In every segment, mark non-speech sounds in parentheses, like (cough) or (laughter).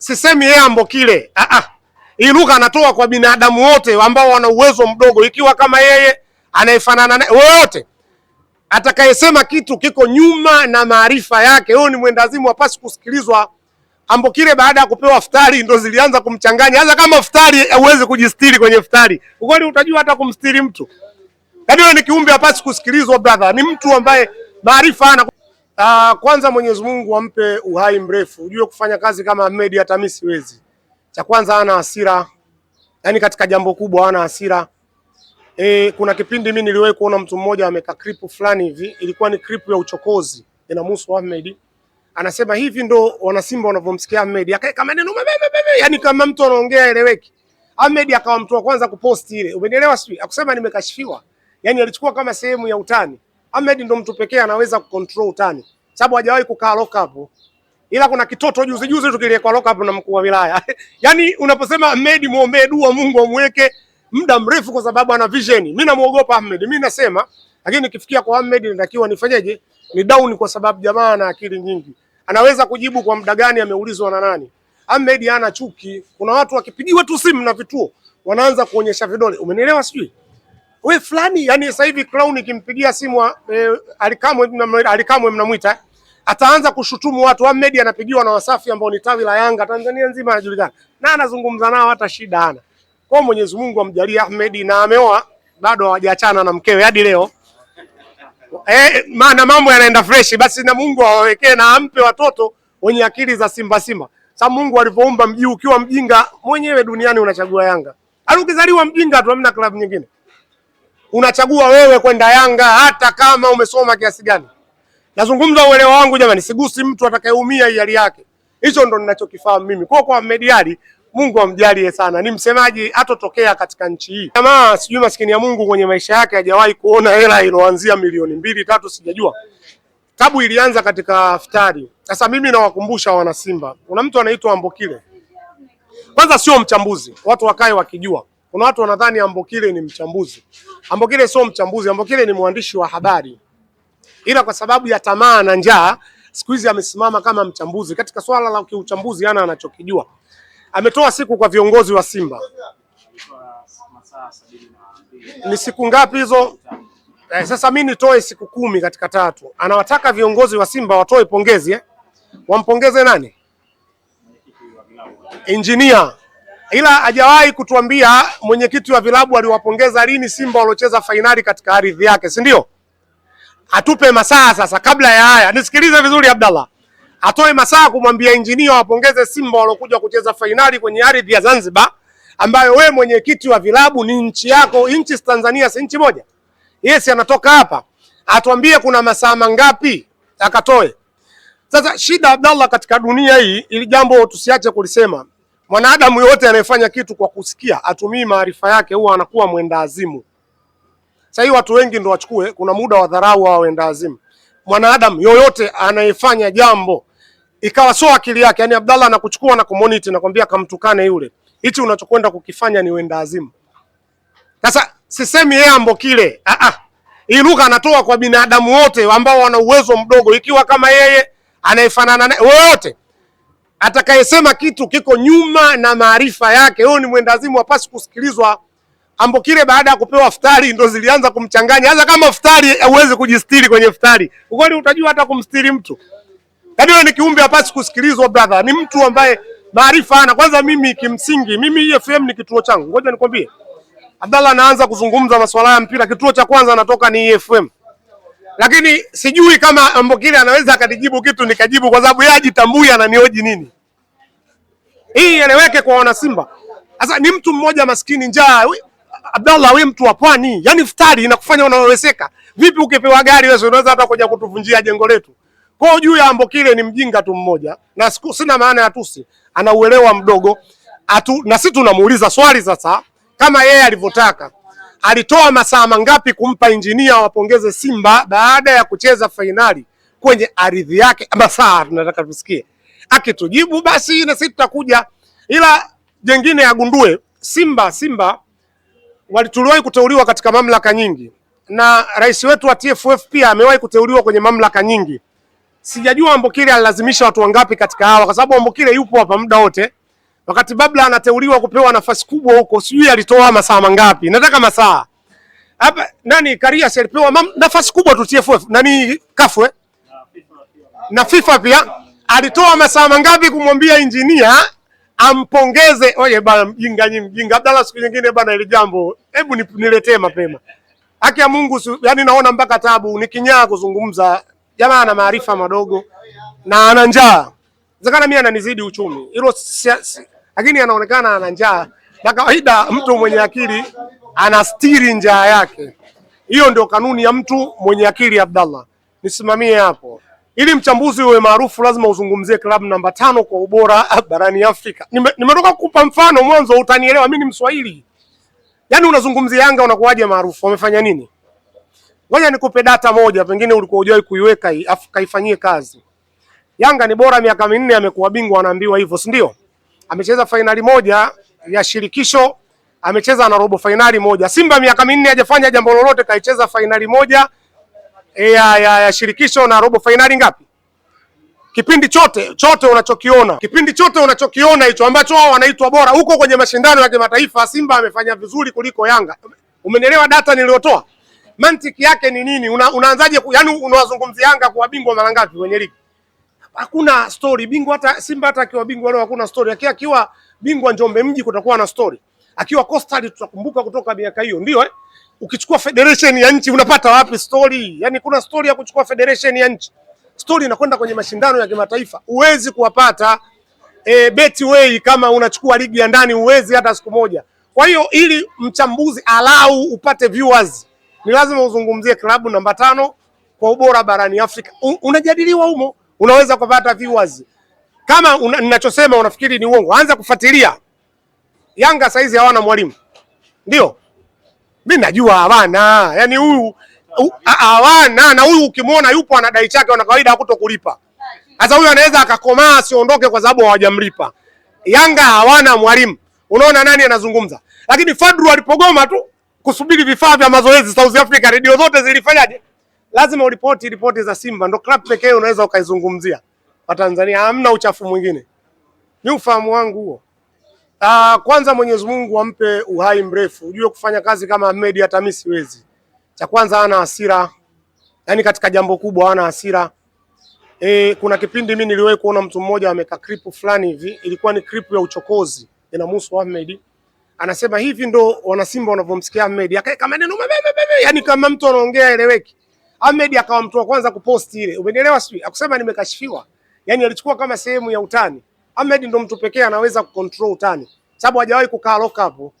Sisemi yeye kile ah ah, hii lugha anatoa kwa binadamu wote ambao wana uwezo mdogo, ikiwa kama yeye anayefanana naye wote atakayesema kitu kiko nyuma na maarifa yake, huyo ni mwendazimu, hapasi kusikilizwa. Ambokile baada ya kupewa futari ndo zilianza kumchanganya. Hata kama futari huwezi kujistiri kwenye futari, ukweli utajua hata kumstiri mtu. Yaani ni kiumbe hapasi kusikilizwa, brother, ni mtu ambaye maarifa ana Uh, kwanza Mwenyezi Mungu ampe uhai mrefu. Ujue kufanya kazi kama Ahmed hata mimi siwezi. Cha kwanza ana hasira. Yaani katika jambo kubwa ana hasira. E, kuna kipindi mimi niliwahi kuona mtu mmoja ameka clip fulani hivi, ilikuwa ni clip ya uchokozi inamhusu Ahmed. Anasema hivi ndo wana Simba wanavyomsikia Ahmed. Akaeka maneno mabebe, yaani kama mtu anaongea eleweki. Ahmed akawa mtu wa kwanza kuposti ile. Umeelewa sio? Akusema nimekashifiwa. Yaani alichukua kama sehemu ya utani. Ahmed ndo mtu pekee anaweza kucontrol utani sababu hajawahi kukaa lock up, ila kuna kitoto juzi juzi tukiliwekwa lock up na mkuu wa wilaya (laughs) yaani unaposema Ahmed muombee dua, Mungu amweke muda mrefu, kwa sababu ana vision. Mimi namuogopa Ahmed, mimi nasema, lakini nikifikia kwa Ahmed natakiwa nifanyeje? Ni down, kwa sababu jamaa ana akili nyingi, anaweza kujibu kwa muda gani ameulizwa na nani. Ahmed hana chuki. Kuna watu wakipigiwa tu simu na vituo wanaanza kuonyesha vidole, umenielewa sijui we fulani, yani sasa hivi clown ikimpigia simu eh, Alikamwe Alikamwe mnamwita ataanza kushutumu watu wa media, anapigiwa na Wasafi ambao ni tawi la Yanga Tanzania nzima anajulikana na anazungumza nao, hata shida hana. Kwa Mwenyezi Mungu amjalie Ahmed, na ameoa bado hawajaachana na mkewe hadi leo eh, maana mambo yanaenda fresh. Basi na Mungu awawekee na ampe watoto wenye akili za simba simba. Sasa Mungu alivyoumba mji, ukiwa mjinga mwenyewe duniani unachagua Yanga, au mjinga tu, hamna klabu nyingine unachagua wewe kwenda Yanga hata kama umesoma kiasi gani. Nazungumza uelewa wangu jamani, sigusi mtu atakayeumia hali yake. Hicho ndo ninachokifahamu mimi. Kwa kwa Mediali, Mungu amjalie sana, ni msemaji atotokea katika nchi hii. Jamaa sijui maskini ya Mungu kwenye maisha yake hajawahi kuona hela iloanzia milioni mbili tatu, sijajua tabu ilianza katika iftari. Sasa mimi nawakumbusha wana Simba, kuna mtu anaitwa Ambokile. Kwanza sio mchambuzi, watu wakae wakijua kuna watu wanadhani Ambokile ni mchambuzi. Ambokile sio mchambuzi, Ambokile ni mwandishi wa habari, ila kwa sababu ya tamaa na njaa siku hizi amesimama kama mchambuzi katika swala la kiuchambuzi, ana anachokijua ametoa siku kwa viongozi wa Simba ni siku ngapi hizo? Eh, sasa mi nitoe siku kumi katika tatu. Anawataka viongozi wa Simba watoe pongezi eh? Wampongeze nani? Injinia ila hajawahi kutuambia mwenyekiti wa vilabu aliwapongeza lini Simba waliocheza fainali katika ardhi yake, si ndio? Atupe masaa sasa, kabla ya haya, nisikilize vizuri Abdallah, atoe masaa kumwambia injinia wapongeze Simba waliokuja kucheza fainali kwenye ardhi ya Zanzibar, ambayo we mwenyekiti wa vilabu ni nchi yako. Nchi Tanzania si nchi moja? Yes, anatoka hapa atuambie kuna masaa mangapi akatoe. Sasa shida Abdallah, katika dunia hii ili jambo tusiache kulisema Mwanadamu yote anayefanya kitu kwa kusikia, atumii maarifa yake, huwa anakuwa mwenda azimu. Sasa hii watu wengi ndio wachukue, kuna muda wa dharau wa azimu. Mwanadamu yoyote anayefanya jambo ikawa sio akili yake, yani Abdallah anakuchukua na kumoniti na kwambia kamtukane yule, hichi unachokwenda kukifanya ni azimu. Sasa sisemi yeye ambo kile, ah ah, hii lugha anatoa kwa binadamu wote ambao wana uwezo mdogo, ikiwa kama yeye anayefanana naye wote Atakayesema kitu kiko nyuma na maarifa yake, huyo ni mwendazimu, hapaswi kusikilizwa. Ambo kile baada ya kupewa iftari ndo zilianza kumchanganya. Hata kama iftari huwezi kujistiri kwenye iftari, ukweli utajua hata kumstiri mtu. Yaani ni kiumbe hapaswi kusikilizwa brother, ni mtu ambaye maarifa ana. Kwanza mimi kimsingi, mimi EFM ni kituo changu, ngoja nikwambie. Abdallah anaanza kuzungumza masuala ya mpira, kituo cha kwanza anatoka ni EFM, lakini sijui kama Ambokile anaweza akanijibu kitu nikajibu, kwa sababu yeye ajitambui ananihoji nini hii ieleweke kwa wana Simba. Sasa ni mtu mmoja maskini njaa. Abdallah, wewe mtu wa pwani, yani futari inakufanya unawezeka. Vipi ukipewa gari wewe unaweza hata kuja kutuvunjia jengo letu. Kwa hiyo juu ya ambo kile ni mjinga tu mmoja na siku, sina maana ya tusi, ana uelewa mdogo atu, na sisi tunamuuliza swali sasa, kama yeye alivyotaka alitoa masaa mangapi kumpa injinia wapongeze Simba baada ya kucheza fainali kwenye ardhi yake? Masaa tunataka tusikie akitujibu basi na sisi tutakuja. Ila jengine agundue Simba, Simba walituliwahi kuteuliwa katika mamlaka nyingi, na rais wetu wa TFF pia amewahi kuteuliwa kwenye mamlaka nyingi. Sijajua Ambokile alilazimisha watu wangapi katika hawa, kwa sababu Ambokile yupo hapa muda wote. Wakati Babla anateuliwa kupewa nafasi kubwa huko, sijui alitoa masaa mangapi, nataka masaa hapa. Nani Karius alipewa nafasi kubwa tu TFF, nani kafwe na FIFA pia alitoa masaa mangapi kumwambia injinia ampongeze? Oye bana, mjinga nyi mjinga. Abdalla, siku nyingine bana, ile jambo hebu niletee mapema. Haki ya Mungu, yani naona mpaka tabu, ni kinyaa kuzungumza. Jamaa ana maarifa madogo na ana njaa zakana, mimi ananizidi uchumi hilo, lakini anaonekana ana njaa. Na kawaida mtu mwenye akili anastiri njaa yake, hiyo ndio kanuni ya mtu mwenye akili. Abdallah, nisimamie hapo. Ili mchambuzi uwe maarufu lazima uzungumzie klabu namba tano kwa ubora barani Afrika. Nimetoka nime kukupa mfano mwanzo, utanielewa mimi ni Mswahili. Yaani unazungumzia Yanga unakuwaje maarufu? Wamefanya nini? Ngoja nikupe data moja, pengine ulikuwa hujawahi kuiweka hii, afu kaifanyie kazi. Yanga ni bora miaka minne amekuwa bingwa, anaambiwa hivyo, si ndio? Amecheza fainali moja ya shirikisho, amecheza na robo fainali moja. Simba miaka minne hajafanya jambo lolote, kaicheza fainali moja ya, ya, ya shirikisho na robo fainali ngapi? Kipindi chote chote unachokiona kipindi chote unachokiona hicho ambacho wao wanaitwa bora huko kwenye mashindano ya kimataifa, Simba amefanya vizuri kuliko Yanga. Umenielewa data niliyotoa? Mantiki yake ni nini? Una, unaanzaje? yani unawazungumzia Yanga kuwa bingwa mara ngapi kwenye ligi? Hakuna story bingwa, hata Simba hata akiwa bingwa leo hakuna story. Akiwa akiwa bingwa Njombe mji kutakuwa na story. Akiwa Coastal tutakumbuka kutoka miaka hiyo, ndio eh? Ukichukua federation ya nchi unapata wapi story? Yani kuna story ya kuchukua federation ya nchi? Story inakwenda kwenye mashindano ya kimataifa, uwezi kuwapata e, Betway kama unachukua ligi ya ndani, uwezi hata siku moja. Kwa hiyo ili mchambuzi alau upate viewers, ni lazima uzungumzie klabu namba tano kwa ubora barani Afrika. Un, unajadiliwa humo, unaweza kupata viewers. Kama ninachosema una, unafikiri ni uongo, anza kufuatilia Yanga. Saizi hawana mwalimu, ndio mi najua hawana, yani huyu hawana na huyu, ukimwona yupo anadai chake, wana kawaida hakuto kulipa. Sasa huyu anaweza akakomaa asiondoke kwa sababu hawajamlipa. Yanga hawana mwalimu, unaona nani anazungumza. Lakini Fadru alipogoma tu kusubiri vifaa vya mazoezi South Africa, redio zote zilifanyaje? Lazima uripoti ripoti za Simba, ndo club pekee unaweza ukaizungumzia. Watanzania hamna uchafu mwingine, ni ufahamu wangu huo. Uh, kwanza Mwenyezi Mungu ampe uhai mrefu. Ujue kufanya kazi kama Ahmed hata mimi siwezi. Cha kwanza ana hasira. Yaani katika jambo kubwa ana hasira. E, kuna kipindi mimi niliwahi kuona mtu mmoja ameka clip fulani hivi, ilikuwa ni clip ya uchokozi inamhusu Ahmed. Anasema hivi ndo wana Simba wanavyomsikia Ahmed. Akaeka maneno mabebe, yani kama mtu anaongea eleweki. Ahmed akawa mtu wa kwanza kuposti ile. Umenielewa sio? Akusema nimekashifiwa. Yaani alichukua kama sehemu ya utani. Ahmed ndo mtu pekee anaweza kucontrol utani, sababu hajawahi kukaa lock up,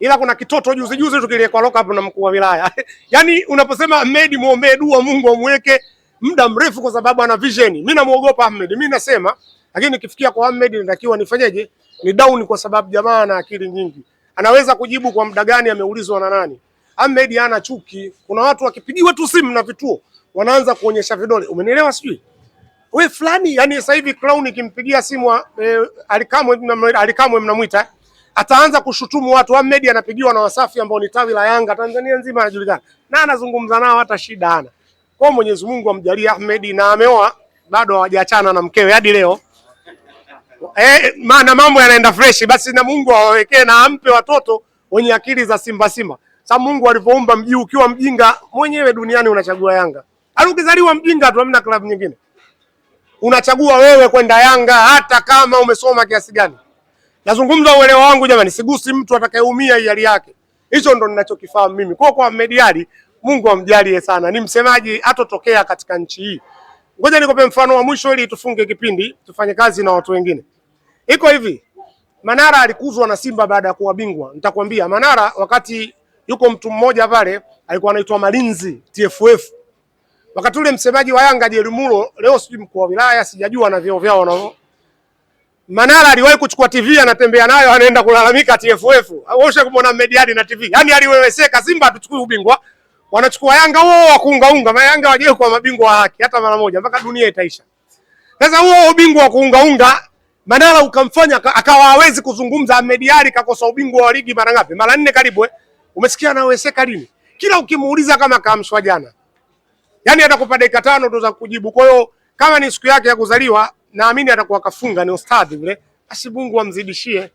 ila kuna kitoto juzi juzi tu tukiliwekwa lock up na mkuu wa wilaya (laughs) yani, unaposema Ahmed muombe dua Mungu amweke muda mrefu, kwa sababu ana vision. Mimi namuogopa Ahmed, mimi nasema, lakini nikifikia kwa Ahmed natakiwa nifanyeje? Ni down, kwa sababu jamaa ana akili nyingi, anaweza kujibu kwa muda gani ameulizwa na nani. Ahmed hana chuki. Kuna watu wakipigiwa tu simu na vituo wanaanza kuonyesha vidole, umenielewa sijui we fulani, yani sasa hivi clown ikimpigia simu eh, Alikamwe Alikamwe mnamwita ataanza kushutumu watu wa media, anapigiwa na Wasafi ambao ni tawi la Yanga Tanzania nzima anajulikana na anazungumza nao, hata shida hana. Kwa Mwenyezi Mungu amjalie Ahmed, na ameoa bado hawajaachana na mkewe hadi leo eh, maana mambo yanaenda fresh. Basi na Mungu awawekee na ampe watoto wenye akili za simba simba. Sasa Mungu alivyoumba mji, ukiwa mjinga mwenyewe duniani unachagua Yanga, au ukizaliwa mjinga tu, hamna klabu nyingine unachagua wewe kwenda Yanga hata kama umesoma kiasi gani. Nazungumza uelewa wangu jamani, sigusi mtu atakayeumia hali yake. Hicho ndo ninachokifahamu mimi. Kwa kwa Mediali, Mungu amjalie sana, ni msemaji atotokea katika nchi hii. Ngoja nikupe mfano wa mwisho ili tufunge kipindi, tufanye kazi na watu wengine. Iko hivi, Manara alikuzwa na Simba baada ya kuwa bingwa. Nitakwambia Manara, wakati yuko mtu mmoja pale alikuwa anaitwa Malinzi TFF Wakati ule msemaji wa Yanga Jeri Mulo, leo sijui mkuu wa wilaya, sijajua na vyeo vyao wanao. Manara aliwahi kuchukua TV anatembea nayo anaenda kulalamika TFF. Waosha kumwona Mediadi na TV. Yaani aliweweseka Simba atuchukue ubingwa. Wanachukua Yanga wao oh, wa kuunga unga. Ma Yanga waje kwa mabingwa haki hata mara moja mpaka dunia itaisha. Sasa huo ubingwa wa kuunga unga Manara ukamfanya akawa hawezi kuzungumza. Mediadi kakosa ubingwa wa ligi mara ngapi? Mara nne karibu. eh. Umesikia anaweseka lini? Kila ukimuuliza kama kaamshwa jana yani atakupa dakika tano tu za kujibu. Kwa hiyo kama ni siku yake ya kuzaliwa, naamini atakuwa kafunga, ni ustadhi vile, basi Mungu amzidishie.